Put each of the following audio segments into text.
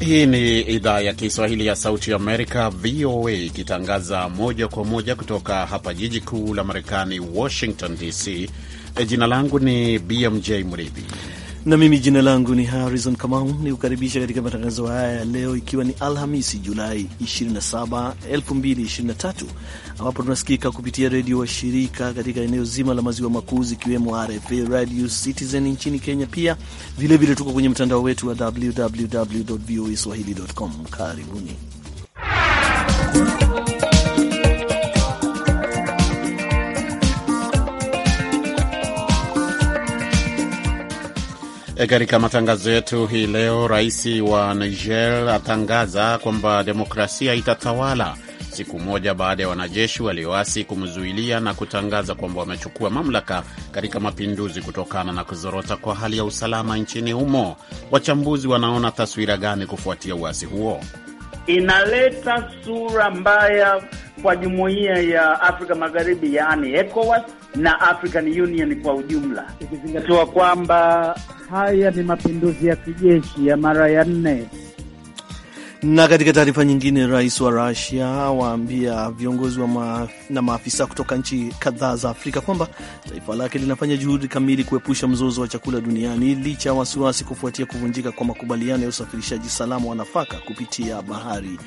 Hii ni idhaa ya Kiswahili ya Sauti ya Amerika, VOA, ikitangaza moja kwa moja kutoka hapa jiji kuu la Marekani, Washington DC. E, jina langu ni BMJ Mridhi na mimi jina langu ni Harrison Kamau, ni kukaribisha katika matangazo haya ya leo, ikiwa ni Alhamisi Julai 27, 2023 ambapo tunasikika kupitia redio wa shirika katika eneo zima la maziwa makuu zikiwemo RFA Radio Citizen nchini Kenya. Pia vilevile tuko kwenye mtandao wetu wa www voa swahili.com. Karibuni E, katika matangazo yetu hii leo, rais wa Niger atangaza kwamba demokrasia itatawala siku moja baada ya wanajeshi walioasi kumzuilia na kutangaza kwamba wamechukua mamlaka katika mapinduzi kutokana na kuzorota kwa hali ya usalama nchini humo. Wachambuzi wanaona taswira gani kufuatia uasi huo? Inaleta sura mbaya kwa jumuiya ya Afrika Magharibi, yaani ECOWAS na African Union kwa ujumla, ikizingatiwa kwamba haya ni mapinduzi ya kijeshi ya mara ya nne na katika taarifa nyingine, rais wa Rusia waambia viongozi wa ma na maafisa kutoka nchi kadhaa za Afrika kwamba taifa lake linafanya juhudi kamili kuepusha mzozo wa chakula duniani licha ya wasiwasi kufuatia kuvunjika kwa makubaliano ya usafirishaji salama wa nafaka kupitia bahari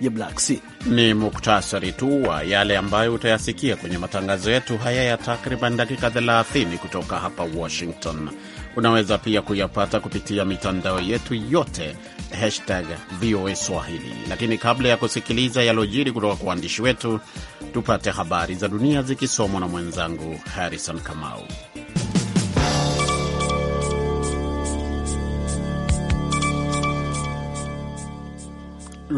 ya Black Sea. Ni muktasari tu wa yale ambayo utayasikia kwenye matangazo yetu haya ya takriban dakika 30 kutoka hapa Washington. Unaweza pia kuyapata kupitia mitandao yetu yote hashtag VOA Swahili. Lakini kabla ya kusikiliza yalojiri kutoka kwa waandishi wetu, tupate habari za dunia zikisomwa na mwenzangu Harrison Kamau.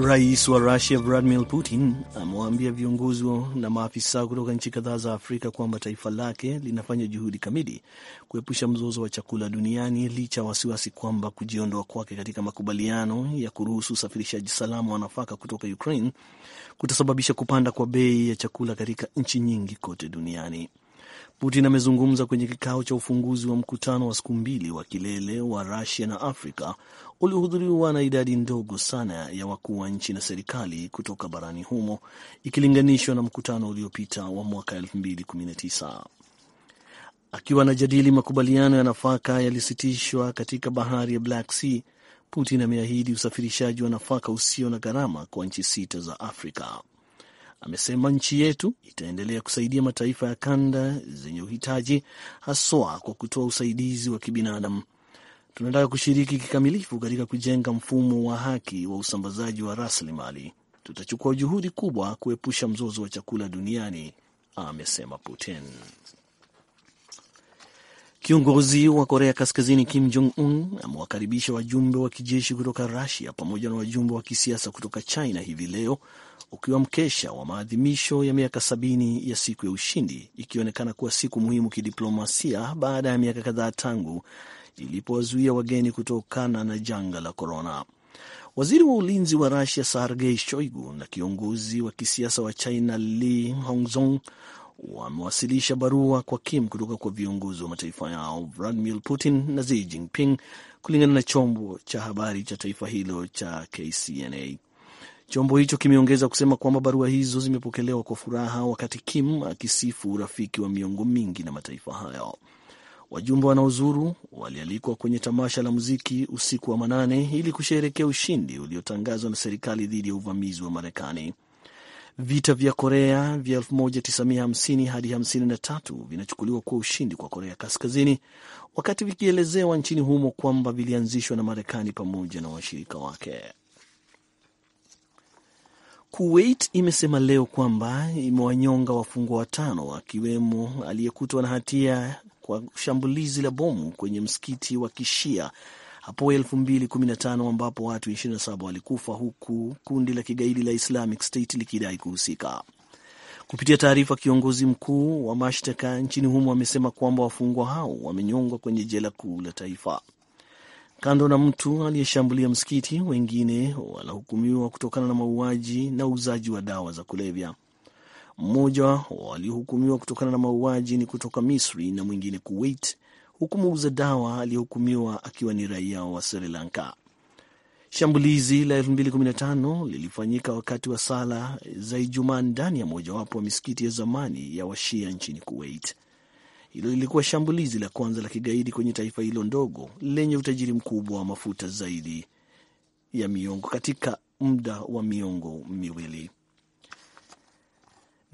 Rais wa Rusia Vladimir Putin amewaambia viongozi na maafisa kutoka nchi kadhaa za Afrika kwamba taifa lake linafanya juhudi kamili kuepusha mzozo wa chakula duniani licha ya wasiwasi kwamba kujiondoa kwake katika makubaliano ya kuruhusu usafirishaji salama wa nafaka kutoka Ukraine kutasababisha kupanda kwa bei ya chakula katika nchi nyingi kote duniani. Putin amezungumza kwenye kikao cha ufunguzi wa mkutano wa siku mbili wa kilele wa Rusia na Afrika uliohudhuriwa na idadi ndogo sana ya wakuu wa nchi na serikali kutoka barani humo ikilinganishwa na mkutano uliopita wa mwaka 2019. Akiwa anajadili makubaliano ya nafaka yalisitishwa katika bahari ya Black Sea, Putin ameahidi usafirishaji wa nafaka usio na gharama kwa nchi sita za Afrika. Amesema nchi yetu itaendelea kusaidia mataifa ya kanda zenye uhitaji, haswa kwa kutoa usaidizi wa kibinadamu. Tunataka kushiriki kikamilifu katika kujenga mfumo wa haki wa usambazaji wa rasilimali. Tutachukua juhudi kubwa kuepusha mzozo wa chakula duniani, amesema Putin. Kiongozi wa Korea Kaskazini Kim Jong Un amewakaribisha wajumbe wa kijeshi kutoka Rusia pamoja na wajumbe wa kisiasa kutoka China hivi leo, ukiwa mkesha wa maadhimisho ya miaka sabini ya siku ya ushindi, ikionekana kuwa siku muhimu kidiplomasia baada ya miaka kadhaa tangu ilipowazuia wageni kutokana na janga la korona. Waziri wa ulinzi wa Rusia Sergei Shoigu na kiongozi wa kisiasa wa China Li Hongzong wamewasilisha barua kwa Kim kutoka kwa viongozi wa mataifa yao Vladimir Putin na Xi Jinping, kulingana na chombo cha habari cha taifa hilo cha KCNA. Chombo hicho kimeongeza kusema kwamba barua hizo zimepokelewa kwa furaha, wakati Kim akisifu urafiki wa miongo mingi na mataifa hayo. Wajumbe wanaozuru walialikwa kwenye tamasha la muziki usiku wa manane ili kusheherekea ushindi uliotangazwa na serikali dhidi ya uvamizi wa Marekani. Vita vya Korea vya 1950 hadi 53 vinachukuliwa kuwa ushindi kwa Korea Kaskazini, wakati vikielezewa nchini humo kwamba vilianzishwa na Marekani pamoja na washirika wake. Kuwait imesema leo kwamba imewanyonga wafungwa watano akiwemo aliyekutwa na hatia kwa shambulizi la bomu kwenye msikiti wa kishia hapo 2015 ambapo watu 27 walikufa huku kundi la kigaidi la Islamic State likidai kuhusika. Kupitia taarifa, kiongozi mkuu wa mashtaka nchini humo amesema kwamba wafungwa hao wamenyongwa kwenye jela kuu la taifa. Kando na mtu aliyeshambulia msikiti, wengine wanahukumiwa kutokana na mauaji na uuzaji wa dawa za kulevya. Mmoja waliohukumiwa kutokana na mauaji ni kutoka Misri na mwingine Kuwait, huku muuza dawa aliyehukumiwa akiwa ni raia wa Sri Lanka. Shambulizi la 2015 lilifanyika wakati wa sala za Ijumaa ndani ya mojawapo wa misikiti ya zamani ya Washia nchini Kuwait. Hilo lilikuwa shambulizi la kwanza la kigaidi kwenye taifa hilo ndogo lenye utajiri mkubwa wa mafuta zaidi ya miongo katika muda wa miongo miwili.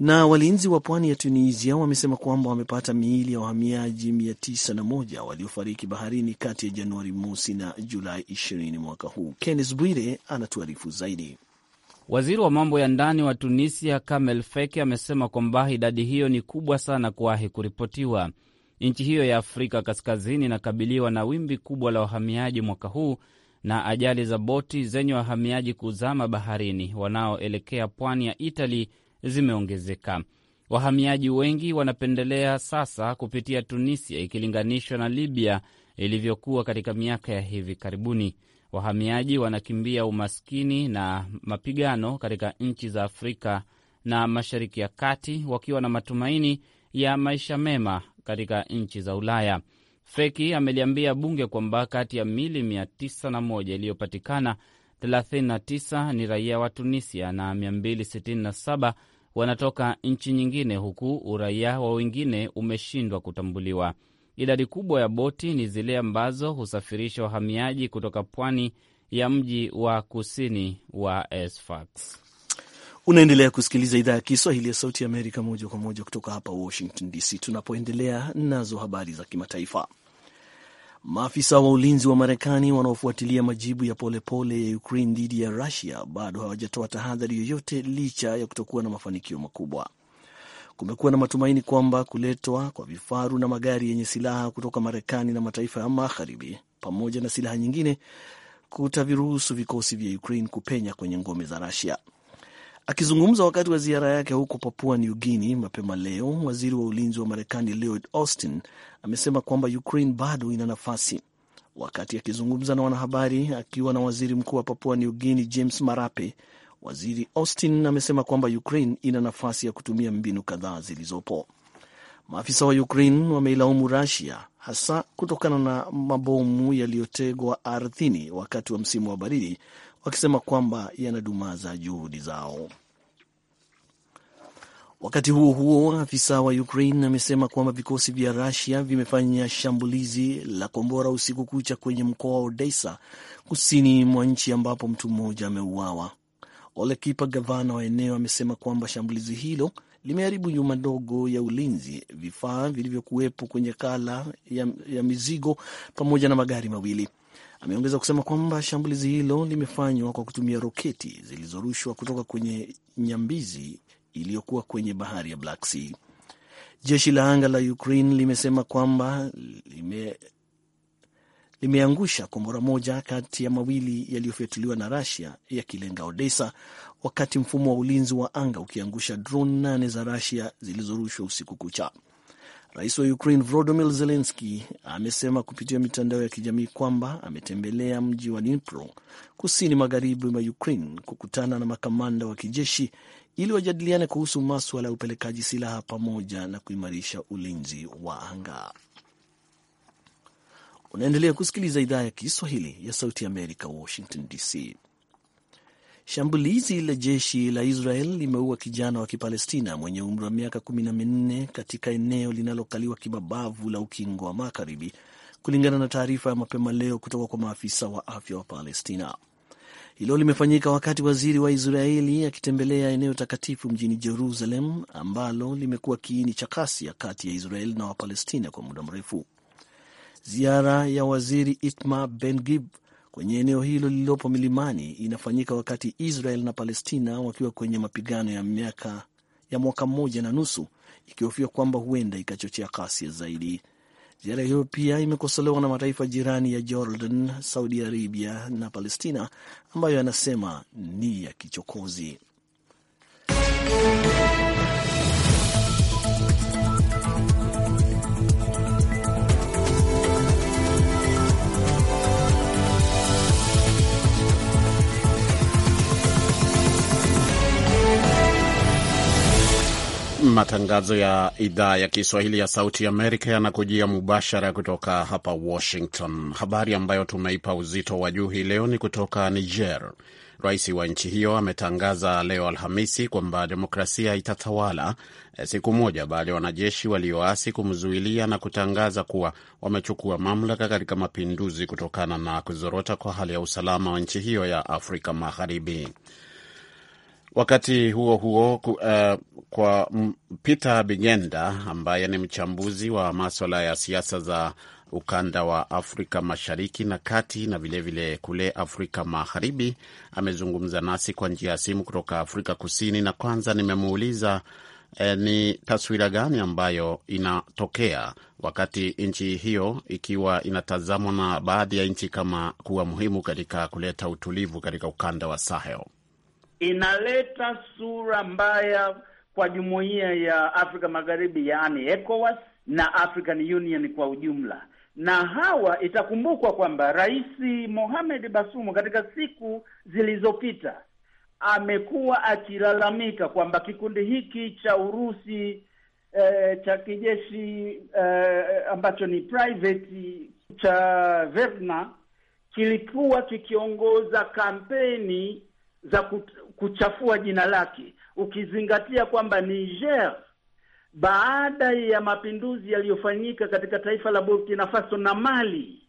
Na walinzi wa pwani ya Tunisia wamesema kwamba wamepata miili ya wahamiaji 901 waliofariki baharini kati ya Januari mosi na Julai 20 mwaka huu. Kennes Bwire anatuarifu zaidi. Waziri wa mambo ya ndani wa Tunisia Kamel Feke amesema kwamba idadi hiyo ni kubwa sana kuwahi kuripotiwa. Nchi hiyo ya Afrika kaskazini inakabiliwa na wimbi kubwa la wahamiaji mwaka huu na ajali za boti zenye wahamiaji kuzama baharini wanaoelekea pwani ya Itali zimeongezeka. Wahamiaji wengi wanapendelea sasa kupitia Tunisia ikilinganishwa na Libya ilivyokuwa katika miaka ya hivi karibuni. Wahamiaji wanakimbia umaskini na mapigano katika nchi za Afrika na Mashariki ya Kati wakiwa na matumaini ya maisha mema katika nchi za Ulaya. Feki ameliambia bunge kwamba kati ya mili 901 iliyopatikana, 39 ni raia wa Tunisia na 267 wanatoka nchi nyingine, huku uraia wa wengine umeshindwa kutambuliwa. Idadi kubwa ya boti ni zile ambazo husafirisha wahamiaji kutoka pwani ya mji wa kusini wa Sfax. Unaendelea kusikiliza idhaa ya Kiswahili ya Sauti ya Amerika moja kwa moja kutoka hapa Washington DC, tunapoendelea nazo habari za kimataifa. Maafisa wa ulinzi wa Marekani wanaofuatilia majibu ya polepole pole ya Ukraine dhidi ya Rusia bado hawajatoa tahadhari yoyote licha ya kutokuwa na mafanikio makubwa. Kumekuwa na matumaini kwamba kuletwa kwa vifaru na magari yenye silaha kutoka Marekani na mataifa ya magharibi pamoja na silaha nyingine kutaviruhusu vikosi vya Ukraine kupenya kwenye ngome za Rusia. Akizungumza wakati wa ziara yake huko Papua New Guinea mapema leo, waziri wa ulinzi wa Marekani Lloyd Austin amesema kwamba Ukraine bado ina nafasi. Wakati akizungumza na wanahabari akiwa na waziri mkuu wa Papua New Guinea James Marape, waziri Austin amesema kwamba Ukraine ina nafasi ya kutumia mbinu kadhaa zilizopo. Maafisa wa Ukraine wameilaumu Rusia hasa kutokana na mabomu yaliyotegwa ardhini wakati wa msimu wa baridi wakisema kwamba yanadumaza juhudi zao. Wakati huo huo, afisa wa Ukraine amesema kwamba vikosi vya Rusia vimefanya shambulizi la kombora usiku kucha kwenye mkoa wa Odessa, kusini mwa nchi, ambapo mtu mmoja ameuawa. Olekipa, gavana wa eneo, amesema kwamba shambulizi hilo limeharibu nyumba ndogo ya ulinzi, vifaa vilivyokuwepo kwenye kala ya, ya mizigo pamoja na magari mawili. Ameongeza kusema kwamba shambulizi hilo limefanywa kwa kutumia roketi zilizorushwa kutoka kwenye nyambizi iliyokuwa kwenye bahari ya Black Sea. Jeshi la anga la Ukraine limesema kwamba lime limeangusha kombora moja kati ya mawili yaliyofyatuliwa na rasia yakilenga Odessa, wakati mfumo wa ulinzi wa anga ukiangusha drone nane za rasia zilizorushwa usiku kucha. Rais wa Ukraine Volodymyr Zelensky amesema kupitia mitandao ya kijamii kwamba ametembelea mji wa Dnipro kusini magharibi mwa Ukraine kukutana na makamanda wa kijeshi ili wajadiliane kuhusu maswala ya upelekaji silaha pamoja na kuimarisha ulinzi wa anga. Unaendelea kusikiliza idhaa ya Kiswahili ya Sauti ya Amerika, Washington DC. Shambulizi la jeshi la Israel limeua kijana wa Kipalestina mwenye umri wa miaka kumi na minne katika eneo linalokaliwa kimabavu la Ukingo wa Magharibi, kulingana na taarifa ya mapema leo kutoka kwa maafisa wa afya wa Palestina. Hilo limefanyika wakati waziri wa Israeli akitembelea eneo takatifu mjini Jerusalem ambalo limekuwa kiini cha kasi ya kati ya israel na Wapalestina kwa muda mrefu. Ziara ya waziri Itma Ben Gvir kwenye eneo hilo lililopo milimani inafanyika wakati Israel na Palestina wakiwa kwenye mapigano ya miaka ya mwaka mmoja na nusu, ikihofia kwamba huenda ikachochea ghasia zaidi. Ziara hiyo pia imekosolewa na mataifa jirani ya Jordan, Saudi Arabia na Palestina ambayo yanasema ni ya kichokozi. Matangazo ya idhaa ya Kiswahili ya Sauti Amerika yanakujia mubashara kutoka hapa Washington. Habari ambayo tumeipa uzito wa juu hii leo ni kutoka Niger. Rais wa nchi hiyo ametangaza leo Alhamisi kwamba demokrasia itatawala, eh, siku moja baada ya wanajeshi walioasi kumzuilia na kutangaza kuwa wamechukua mamlaka katika mapinduzi kutokana na kuzorota kwa hali ya usalama wa nchi hiyo ya Afrika Magharibi. Wakati huo huo ku, uh, kwa Peter Bigenda ambaye ni mchambuzi wa maswala ya siasa za ukanda wa Afrika Mashariki na Kati na vilevile vile kule Afrika Magharibi amezungumza nasi kwa njia ya simu kutoka Afrika Kusini, na kwanza nimemuuliza eh, ni taswira gani ambayo inatokea wakati nchi hiyo ikiwa inatazamwa na baadhi ya nchi kama kuwa muhimu katika kuleta utulivu katika ukanda wa Sahel inaleta sura mbaya kwa jumuiya ya Afrika Magharibi, yaani ECOWAS na African Union kwa ujumla. Na hawa, itakumbukwa kwamba Rais Mohamed Basumu katika siku zilizopita amekuwa akilalamika kwamba kikundi hiki cha Urusi eh, cha kijeshi eh, ambacho ni private cha Wagner kilikuwa kikiongoza kampeni za kuchafua jina lake, ukizingatia kwamba Niger baada ya mapinduzi yaliyofanyika katika taifa la Burkina Faso na Mali,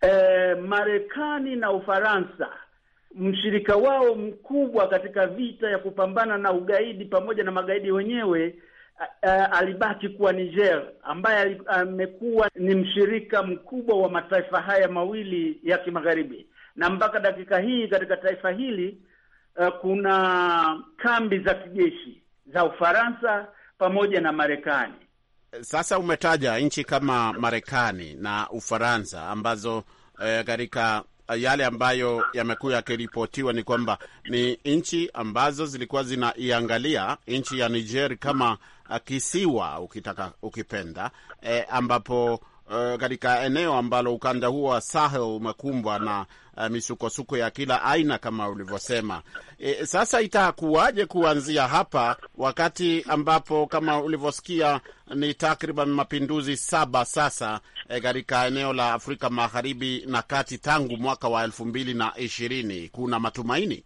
eh, Marekani na Ufaransa mshirika wao mkubwa katika vita ya kupambana na ugaidi pamoja na magaidi wenyewe, a, eh, eh, alibaki kuwa Niger ambaye amekuwa ni mshirika mkubwa wa mataifa haya mawili ya kimagharibi, na mpaka dakika hii katika taifa hili uh, kuna kambi za kijeshi za Ufaransa pamoja na Marekani. Eh, sasa umetaja nchi kama Marekani na Ufaransa ambazo eh, katika eh, yale ambayo yamekuwa yakiripotiwa ni kwamba ni nchi ambazo zilikuwa zinaiangalia nchi ya Niger kama kisiwa ukitaka ukipenda, eh, ambapo katika eh, eneo ambalo ukanda huo wa Sahel umekumbwa na uh, misukosuko ya kila aina kama ulivyosema. E, sasa itakuwaje kuanzia hapa wakati ambapo kama ulivyosikia ni takriban mapinduzi saba sasa e, katika e, eneo la Afrika Magharibi na Kati tangu mwaka wa elfu mbili na ishirini. Kuna matumaini?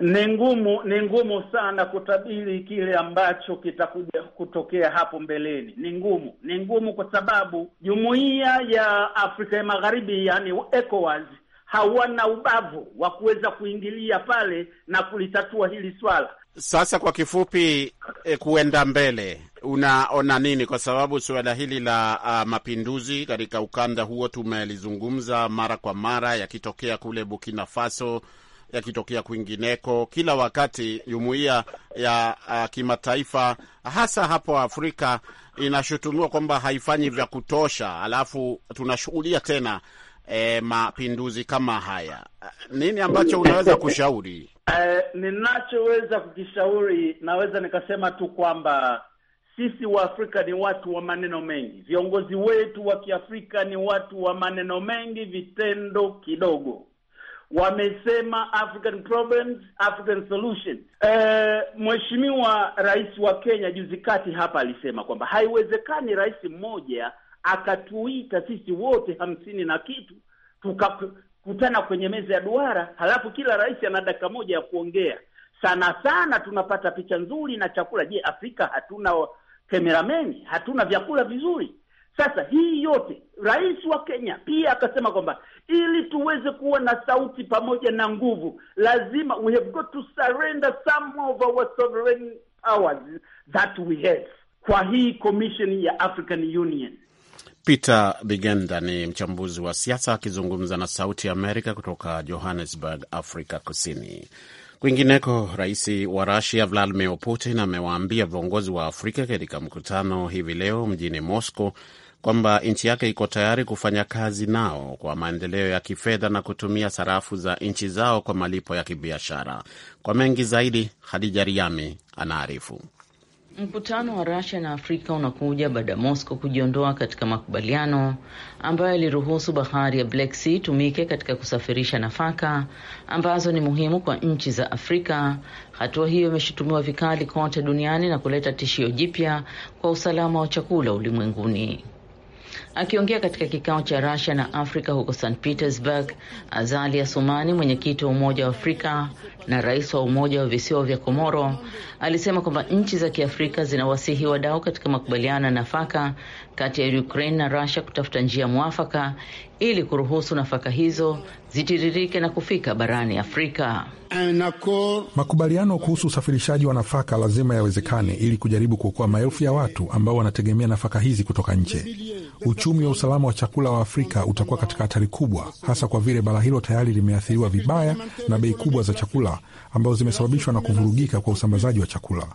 Ni ngumu, ni ngumu sana kutabiri kile ambacho kitakuja kutokea hapo mbeleni. Ni ngumu, ni ngumu kwa sababu jumuiya ya Afrika ya Magharibi, yani ECOWAS hawana ubavu wa kuweza kuingilia pale na kulitatua hili swala. Sasa kwa kifupi, e, kuenda mbele unaona nini? Kwa sababu suala hili la a, ah, mapinduzi katika ukanda huo tumelizungumza mara kwa mara, yakitokea kule Burkina Faso, yakitokea kwingineko. Kila wakati jumuiya ya ah, kimataifa hasa hapo Afrika inashutumiwa kwamba haifanyi vya kutosha, alafu tunashughulia tena e, mapinduzi kama haya, nini ambacho unaweza kushauri? Eh, ninachoweza kukishauri naweza nikasema tu kwamba sisi Waafrika ni watu wa maneno mengi, viongozi wetu wa Kiafrika ni watu wa maneno mengi, vitendo kidogo. Wamesema African problems, African solutions. Eh, Mheshimiwa Rais wa Kenya juzi kati hapa alisema kwamba haiwezekani rais mmoja akatuita sisi wote hamsini na kitu tukakutana kwenye meza ya duara, halafu kila rais ana dakika moja ya kuongea. Sana sana tunapata picha nzuri na chakula. Je, Afrika hatuna kamerameni? Hatuna vyakula vizuri? Sasa hii yote rais wa Kenya pia akasema kwamba ili tuweze kuwa na sauti pamoja na nguvu, lazima we have got to surrender some of our sovereign powers that we have kwa hii commission ya African Union. Peter Bigenda ni mchambuzi wa siasa akizungumza na Sauti ya Amerika kutoka Johannesburg, Afrika Kusini. Kwingineko, rais wa Rusia Vladimir Putin amewaambia viongozi wa Afrika katika mkutano hivi leo mjini Moscow kwamba nchi yake iko tayari kufanya kazi nao kwa maendeleo ya kifedha na kutumia sarafu za nchi zao kwa malipo ya kibiashara. Kwa mengi zaidi, Hadija Riami anaarifu. Mkutano wa Russia na Afrika unakuja baada ya Moscow kujiondoa katika makubaliano ambayo yaliruhusu bahari ya Black Sea tumike katika kusafirisha nafaka ambazo ni muhimu kwa nchi za Afrika. Hatua hiyo imeshutumiwa vikali kote duniani na kuleta tishio jipya kwa usalama wa chakula ulimwenguni. Akiongea katika kikao cha Russia na Afrika huko St Petersburg, Azali Asumani, mwenyekiti wa Umoja wa Afrika na rais wa Umoja wa Visiwa vya Komoro, alisema kwamba nchi za Kiafrika zinawasihi wadau katika makubaliano ya nafaka kati ya Ukraine na Russia kutafuta njia mwafaka ili kuruhusu nafaka hizo zitiririke na kufika barani Afrika. Makubaliano kuhusu usafirishaji wa nafaka lazima yawezekane ili kujaribu kuokoa maelfu ya watu ambao wanategemea nafaka hizi kutoka nje uchumi wa usalama wa chakula wa Afrika utakuwa katika hatari kubwa, hasa kwa vile bara hilo tayari limeathiriwa vibaya na bei kubwa za chakula ambazo zimesababishwa na kuvurugika kwa usambazaji wa chakula.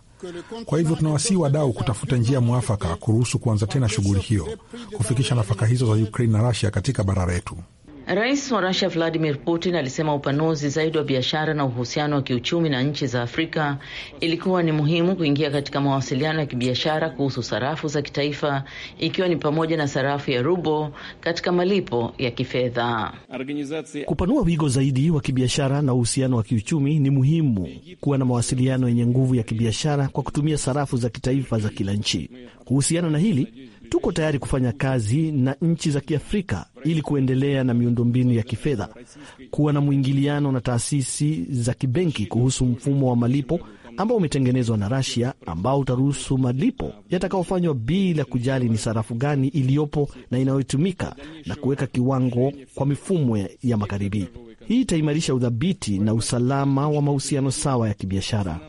Kwa hivyo tunawasihi wadau kutafuta njia mwafaka kuruhusu kuanza tena shughuli hiyo, kufikisha nafaka hizo za Ukraine na rasia katika bara letu. Rais wa Rusia Vladimir Putin alisema upanuzi zaidi wa biashara na uhusiano wa kiuchumi na nchi za Afrika ilikuwa ni muhimu kuingia katika mawasiliano ya kibiashara kuhusu sarafu za kitaifa ikiwa ni pamoja na sarafu ya rubo katika malipo ya kifedha. Kupanua wigo zaidi wa kibiashara na uhusiano wa kiuchumi ni muhimu kuwa na mawasiliano yenye nguvu ya kibiashara kwa kutumia sarafu za kitaifa za kila nchi. Kuhusiana na hili Tuko tayari kufanya kazi na nchi za Kiafrika ili kuendelea na miundombinu ya kifedha, kuwa na mwingiliano na taasisi za kibenki kuhusu mfumo wa malipo ambao umetengenezwa na Rasia ambao utaruhusu malipo yatakayofanywa bila kujali ni sarafu gani iliyopo na inayotumika na kuweka kiwango kwa mifumo ya magharibi. Hii itaimarisha udhabiti na usalama wa mahusiano sawa ya kibiashara.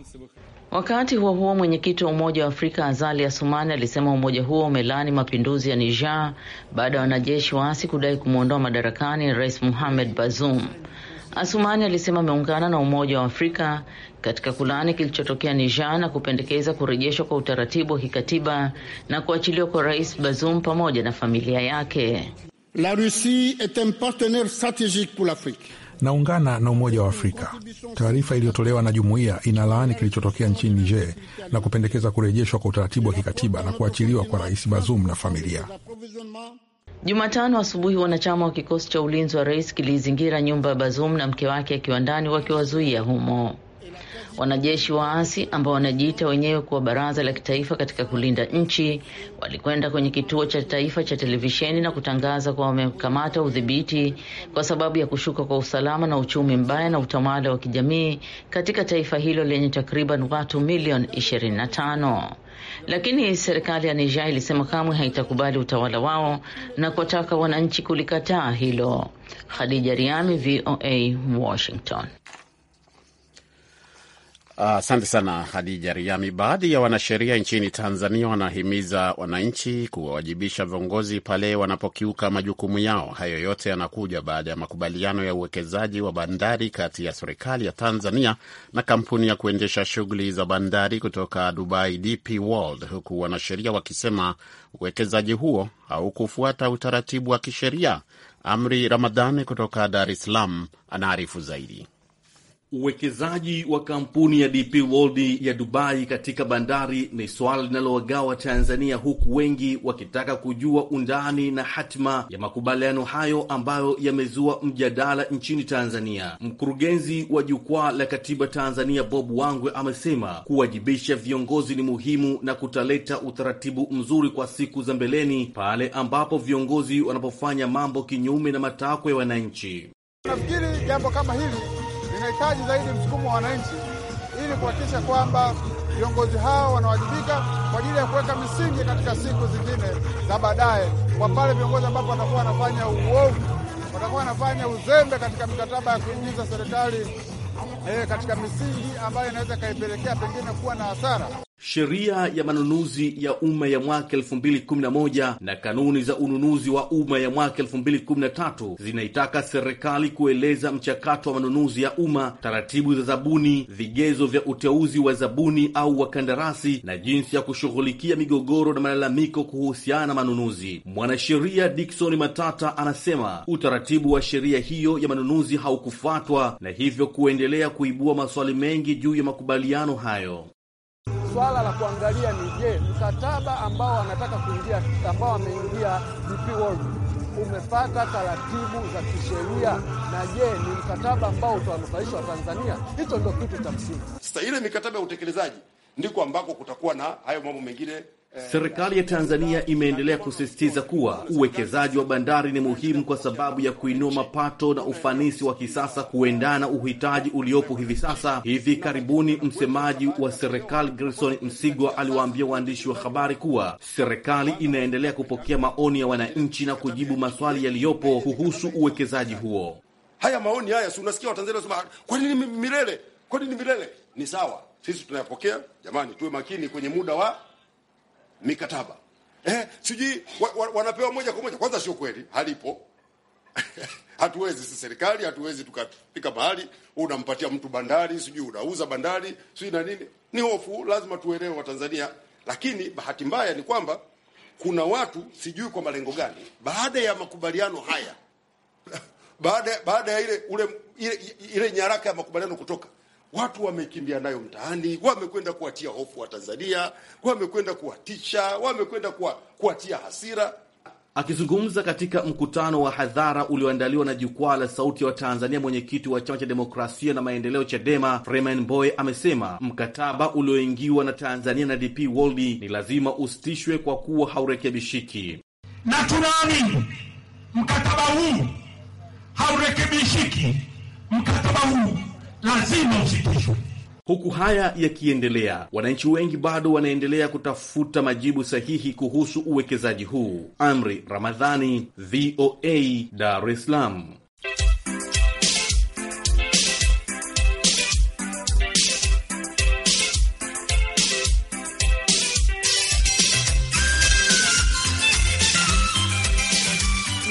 Wakati huo huo, mwenyekiti wa Umoja wa Afrika Azali Assoumani alisema umoja huo umelaani mapinduzi ya Niger baada ya wanajeshi waasi kudai kumwondoa madarakani Rais Mohamed Bazoum. Asumani alisema ameungana na Umoja wa Afrika katika kulaani kilichotokea Niger na kupendekeza kurejeshwa kwa utaratibu wa kikatiba na kuachiliwa kwa Rais Bazoum pamoja na familia yake. La Russie est un partenaire strategique pour l'Afrique naungana na Umoja wa Afrika. Taarifa iliyotolewa na jumuiya inalaani kilichotokea nchini Niger na kupendekeza kurejeshwa kwa utaratibu wa kikatiba na kuachiliwa kwa Rais Bazoum na familia. Jumatano asubuhi wanachama wa kikosi cha ulinzi wa rais kiliizingira nyumba ya Bazoum na mke wake akiwa ndani wakiwazuia humo. Wanajeshi waasi ambao wanajiita wenyewe kuwa baraza la kitaifa katika kulinda nchi walikwenda kwenye kituo cha taifa cha televisheni na kutangaza kuwa wamekamata udhibiti kwa sababu ya kushuka kwa usalama na uchumi mbaya na utawala wa kijamii katika taifa hilo lenye takriban watu milioni 25. Lakini serikali ya Niger ilisema kamwe haitakubali utawala wao na kuwataka wananchi kulikataa hilo. Khadija Riami, VOA, Washington. Asante uh, sana Hadija Riami. Baadhi ya wanasheria nchini Tanzania wanahimiza wananchi kuwawajibisha viongozi pale wanapokiuka majukumu yao. Hayo yote yanakuja baada ya makubaliano ya uwekezaji wa bandari kati ya serikali ya Tanzania na kampuni ya kuendesha shughuli za bandari kutoka Dubai, DP World, huku wanasheria wakisema uwekezaji huo haukufuata utaratibu wa kisheria. Amri Ramadhani kutoka Dar es Salaam anaarifu zaidi. Uwekezaji wa kampuni ya DP World ya Dubai katika bandari ni swala linalowagawa Tanzania, huku wengi wakitaka kujua undani na hatima ya makubaliano hayo ambayo yamezua mjadala nchini Tanzania. Mkurugenzi wa Jukwaa la Katiba Tanzania Bob Wangwe amesema kuwajibisha viongozi ni muhimu na kutaleta utaratibu mzuri kwa siku za mbeleni pale ambapo viongozi wanapofanya mambo kinyume na matakwa ya wananchi. Nafikiri jambo kama hili linahitaji zaidi msukumo wa wananchi ili kuhakikisha kwamba viongozi hao wanawajibika kwa ajili ya kuweka misingi katika siku zingine za baadaye, kwa pale viongozi ambapo watakuwa wanafanya uovu, watakuwa wanafanya uzembe katika mikataba ya kuingiza serikali eh, katika misingi ambayo inaweza ikaipelekea pengine kuwa na hasara. Sheria ya manunuzi ya umma ya mwaka 211 na kanuni za ununuzi wa umma ya mwaka 213 zinaitaka serikali kueleza mchakato wa manunuzi ya umma, taratibu za zabuni, vigezo vya uteuzi wa zabuni au wakandarasi na jinsi ya kushughulikia migogoro na malalamiko kuhusiana na manunuzi. Mwanasheria Dikson Matata anasema utaratibu wa sheria hiyo ya manunuzi haukufuatwa na hivyo kuendelea kuibua maswali mengi juu ya makubaliano hayo swala la kuangalia ni je, mkataba ambao wanataka kuingia ambao wameingia DP World umepata taratibu za kisheria, na je ni mkataba ambao utawanufaisha Tanzania? Hicho ndio kitu cha msingi. Sasa ile mikataba ya utekelezaji ndiko ambako kutakuwa na hayo mambo mengine Serikali ya Tanzania imeendelea kusisitiza kuwa uwekezaji wa bandari ni muhimu kwa sababu ya kuinua mapato na ufanisi wa kisasa kuendana uhitaji uliopo hivi sasa. Hivi karibuni, msemaji wa serikali Gerson Msigwa aliwaambia waandishi wa habari kuwa serikali inaendelea kupokea maoni ya wananchi na kujibu maswali yaliyopo kuhusu uwekezaji huo. Haya maoni haya, si unasikia Watanzania wanasema kwa nini milele, kwa nini milele? Ni sawa, sisi tunayapokea. Jamani, tuwe makini kwenye muda wa mikataba eh, sijui wa, wa, wanapewa moja kwa moja. Kwanza sio kweli, halipo hatuwezi si serikali, hatuwezi tukafika mahali unampatia mtu bandari, sijui unauza bandari, sijui na nini. Ni hofu, lazima tuelewe Watanzania. Lakini bahati mbaya ni kwamba kuna watu sijui kwa malengo gani, baada ya makubaliano haya baada baada ya ile ule ile, ile nyaraka ya makubaliano kutoka watu wamekimbia nayo mtaani, wamekwenda kuwatia hofu wa Tanzania, wamekwenda kuwatisha, wamekwenda kuwatia hasira. Akizungumza katika mkutano wa hadhara ulioandaliwa na jukwaa la sauti ya Watanzania, mwenyekiti wa chama cha demokrasia na maendeleo CHADEMA Freeman Boy amesema mkataba ulioingiwa na Tanzania na DP World ni lazima usitishwe kwa kuwa haurekebishiki, na tunaamini mkataba huu haurekebishiki. Mkataba huu lazima usitishwe. Huku haya yakiendelea, wananchi wengi bado wanaendelea kutafuta majibu sahihi kuhusu uwekezaji huu. Amri Ramadhani, VOA, Dar es Salaam.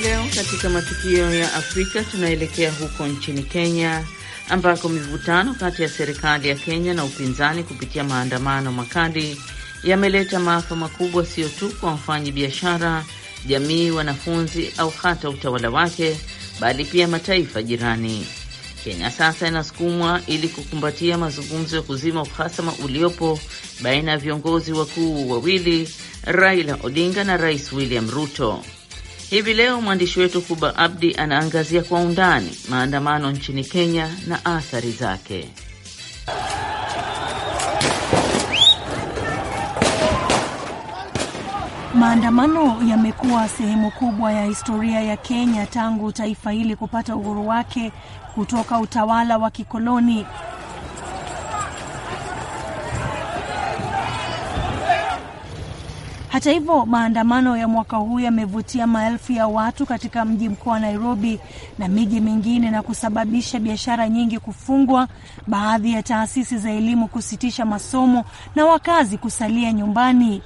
Leo katika matukio ya Afrika tunaelekea huko nchini Kenya ambako mivutano kati ya serikali ya Kenya na upinzani kupitia maandamano makali yameleta maafa makubwa, sio tu kwa wafanyi biashara, jamii, wanafunzi au hata utawala wake, bali pia mataifa jirani. Kenya sasa inasukumwa ili kukumbatia mazungumzo ya kuzima uhasama uliopo baina ya viongozi wakuu wawili, Raila Odinga na Rais William Ruto. Hivi leo mwandishi wetu Kuba Abdi anaangazia kwa undani maandamano nchini Kenya na athari zake. Maandamano yamekuwa sehemu kubwa ya historia ya Kenya tangu taifa hili kupata uhuru wake kutoka utawala wa kikoloni Hata hivyo, maandamano ya mwaka huu yamevutia maelfu ya watu katika mji mkuu wa Nairobi na miji mingine na kusababisha biashara nyingi kufungwa, baadhi ya taasisi za elimu kusitisha masomo na wakazi kusalia nyumbani.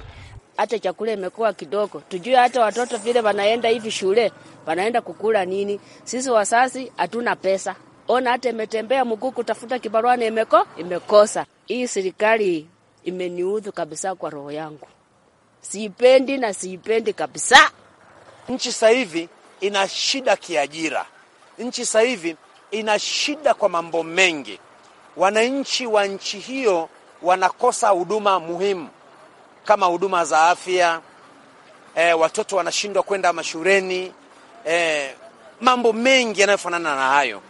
Hata chakula imekuwa kidogo, tujue hata watoto vile wanaenda hivi shule wanaenda kukula nini? Sisi wasasi hatuna pesa, ona hata imetembea mguu kutafuta kibaruani imeko imekosa. Hii serikali imeniudhu kabisa kwa roho yangu siipendi na siipendi kabisa. Nchi sasa hivi ina shida kiajira, nchi sasa hivi ina shida kwa mambo mengi. Wananchi wa nchi hiyo wanakosa huduma muhimu kama huduma za afya e, watoto wanashindwa kwenda mashuleni e, mambo mengi yanayofanana na hayo.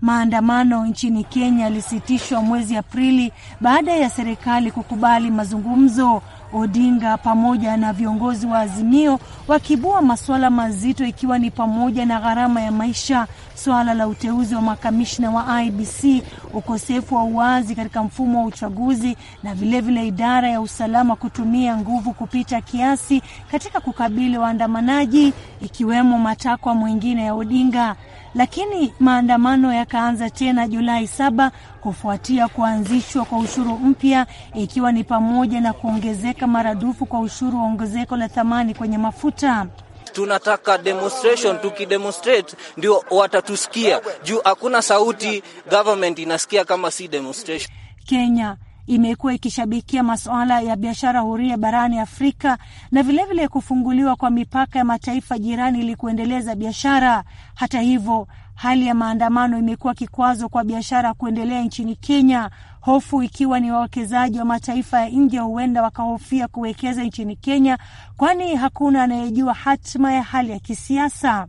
Maandamano nchini Kenya yalisitishwa mwezi Aprili baada ya serikali kukubali mazungumzo. Odinga pamoja na viongozi wa Azimio wakibua masuala mazito ikiwa ni pamoja na gharama ya maisha, suala la uteuzi wa makamishna wa IBC, ukosefu wa uwazi katika mfumo wa uchaguzi na vilevile vile idara ya usalama kutumia nguvu kupita kiasi katika kukabili waandamanaji, ikiwemo matakwa mwingine ya Odinga. Lakini maandamano yakaanza tena Julai saba kufuatia kuanzishwa kwa ushuru mpya ikiwa ni pamoja na kuongezeka maradufu kwa ushuru wa ongezeko la thamani kwenye mafuta tunataka demonstration, tukidemonstrate ndio watatusikia, juu hakuna sauti government inasikia kama si demonstration. Kenya imekuwa ikishabikia masuala ya biashara huria barani Afrika na vilevile vile kufunguliwa kwa mipaka ya mataifa jirani ili kuendeleza biashara. Hata hivyo, hali ya maandamano imekuwa kikwazo kwa biashara kuendelea nchini Kenya, hofu ikiwa ni wawekezaji wa mataifa ya nje huenda wakahofia kuwekeza nchini Kenya, kwani hakuna anayejua hatima ya hali ya kisiasa.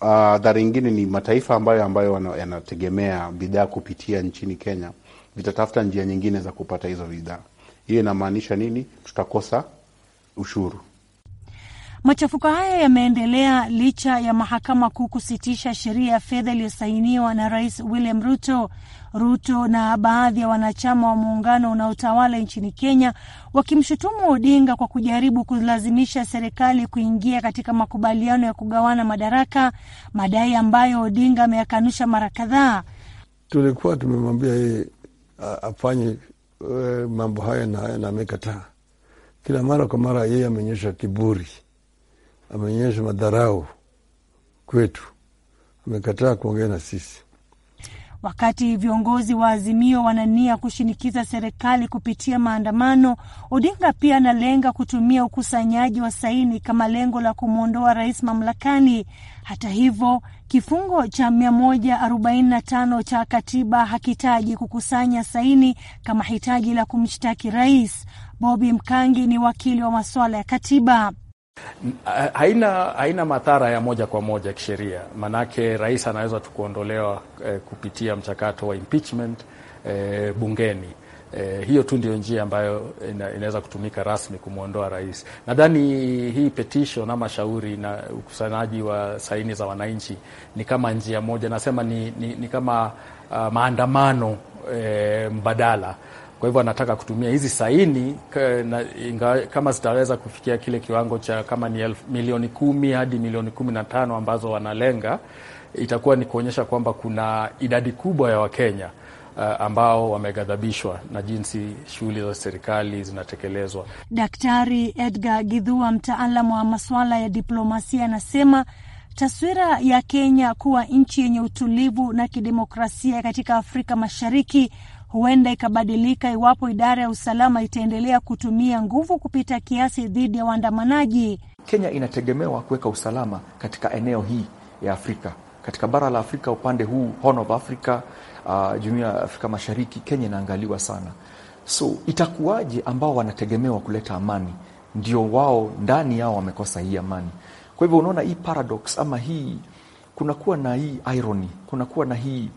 Ah, adhari uh, ingine ni mataifa ambayo ambayo yanategemea bidhaa kupitia nchini Kenya vitatafuta njia nyingine za kupata hizo bidhaa. Hiyo inamaanisha nini? Tutakosa ushuru. Machafuko haya yameendelea licha ya mahakama kuu kusitisha sheria ya fedha iliyosainiwa na Rais William Ruto. Ruto na baadhi ya wanachama wa muungano unaotawala nchini Kenya wakimshutumu Odinga kwa kujaribu kulazimisha serikali kuingia katika makubaliano ya kugawana madaraka, madai ambayo Odinga ameyakanusha mara kadhaa. Tulikuwa tumemwambia yeye afanye uh, mambo hayo na hayo, na amekataa. Kila mara kwa mara yeye ameonyesha kiburi, ameonyesha madharau kwetu, amekataa kuongea na sisi. Wakati viongozi wa Azimio wanania kushinikiza serikali kupitia maandamano, Odinga pia analenga kutumia ukusanyaji wa saini kama lengo la kumwondoa rais mamlakani. Hata hivyo, kifungo cha 145 cha katiba hakitaji kukusanya saini kama hitaji la kumshtaki rais. Bobi Mkangi ni wakili wa masuala ya katiba. Haina, haina madhara ya moja kwa moja kisheria, manake rais anaweza tu kuondolewa eh, kupitia mchakato wa impeachment eh, bungeni. Eh, hiyo tu ndio njia ambayo ina, inaweza kutumika rasmi kumwondoa rais. Nadhani hii petition ama shauri na ukusanyaji wa saini za wananchi ni kama njia moja, nasema ni, ni, ni kama uh, maandamano eh, mbadala kwa hivyo anataka kutumia hizi saini kama zitaweza kufikia kile kiwango cha kama ni elf, milioni kumi hadi milioni kumi na tano ambazo wanalenga, itakuwa ni kuonyesha kwamba kuna idadi kubwa ya Wakenya Uh, ambao wameghadhabishwa na jinsi shughuli za serikali zinatekelezwa. Daktari Edgar gidhua mtaalamu wa masuala ya diplomasia, anasema taswira ya Kenya kuwa nchi yenye utulivu na kidemokrasia katika Afrika Mashariki huenda ikabadilika iwapo idara ya usalama itaendelea kutumia nguvu kupita kiasi dhidi ya waandamanaji. Kenya inategemewa kuweka usalama katika eneo hii ya Afrika, katika bara la Afrika, upande huu Horn of Africa, uh, jumuiya ya Afrika Mashariki, Kenya inaangaliwa sana. So itakuwaje ambao wanategemewa kuleta amani ndio wao ndani yao wamekosa hii amani? Kwa hivyo unaona hii paradox ama hii kunakuwa na hii irony, kunakuwa na hii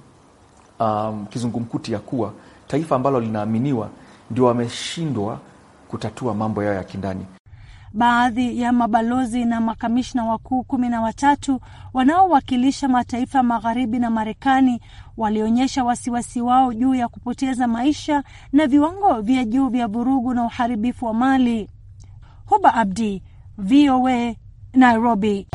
um, kizungumkuti ya kuwa taifa ambalo linaaminiwa ndio wameshindwa kutatua mambo yao ya kindani. Baadhi ya mabalozi na makamishna wakuu kumi na watatu wanaowakilisha mataifa magharibi na Marekani walionyesha wasiwasi wao juu ya kupoteza maisha na viwango vya juu vya vurugu na uharibifu wa mali. Huba Abdi, VOA, Nairobi.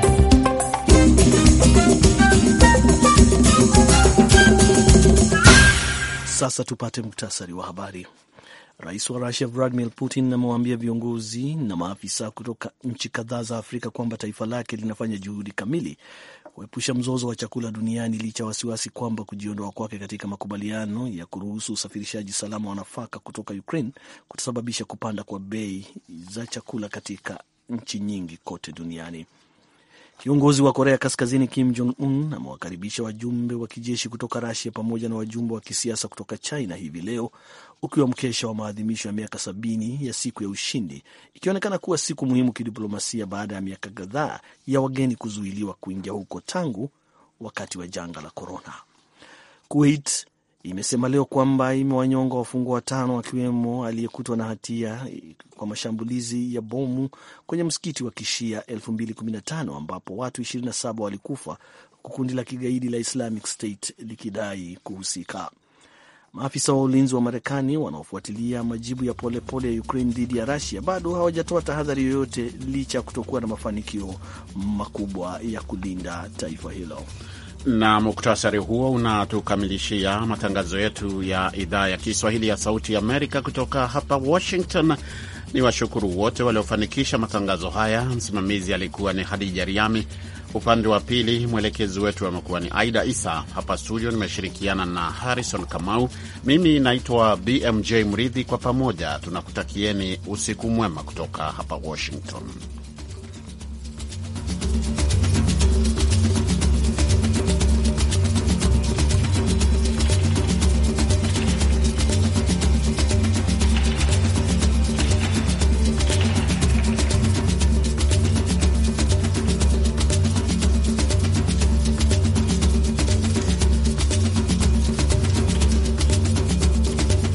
Sasa tupate muktasari wa habari. Rais wa Rusia Vladimir Putin amewaambia viongozi na maafisa kutoka nchi kadhaa za Afrika kwamba taifa lake linafanya juhudi kamili kuepusha mzozo wa chakula duniani licha wasiwasi kwamba kujiondoa kwake katika makubaliano ya kuruhusu usafirishaji salama wa nafaka kutoka Ukraine kutasababisha kupanda kwa bei za chakula katika nchi nyingi kote duniani. Kiongozi wa Korea Kaskazini Kim Jong Un amewakaribisha wajumbe wa kijeshi kutoka Rasia pamoja na wajumbe wa kisiasa kutoka China hivi leo, ukiwa mkesha wa maadhimisho ya miaka sabini ya siku ya ushindi, ikionekana kuwa siku muhimu kidiplomasia baada ya miaka kadhaa ya wageni kuzuiliwa kuingia huko tangu wakati wa janga la Korona. Kuwait imesema leo kwamba imewanyonga wafungwa watano akiwemo aliyekutwa na hatia kwa mashambulizi ya bomu kwenye msikiti wa Kishia 2015 ambapo watu 27 walikufa huku kundi la kigaidi la Islamic State likidai kuhusika. Maafisa wa ulinzi wa Marekani wanaofuatilia majibu ya polepole pole ya Ukraine dhidi ya Rusia bado hawajatoa tahadhari yoyote licha ya kutokuwa na mafanikio makubwa ya kulinda taifa hilo. Na muktasari huo unatukamilishia matangazo yetu ya idhaa ya Kiswahili ya Sauti Amerika kutoka hapa Washington. Ni washukuru wote waliofanikisha matangazo haya. Msimamizi alikuwa ni Hadija Riami, upande wa pili mwelekezi wetu amekuwa ni Aida Isa. Hapa studio nimeshirikiana na Harrison Kamau. Mimi naitwa BMJ Mridhi. Kwa pamoja tunakutakieni usiku mwema kutoka hapa Washington.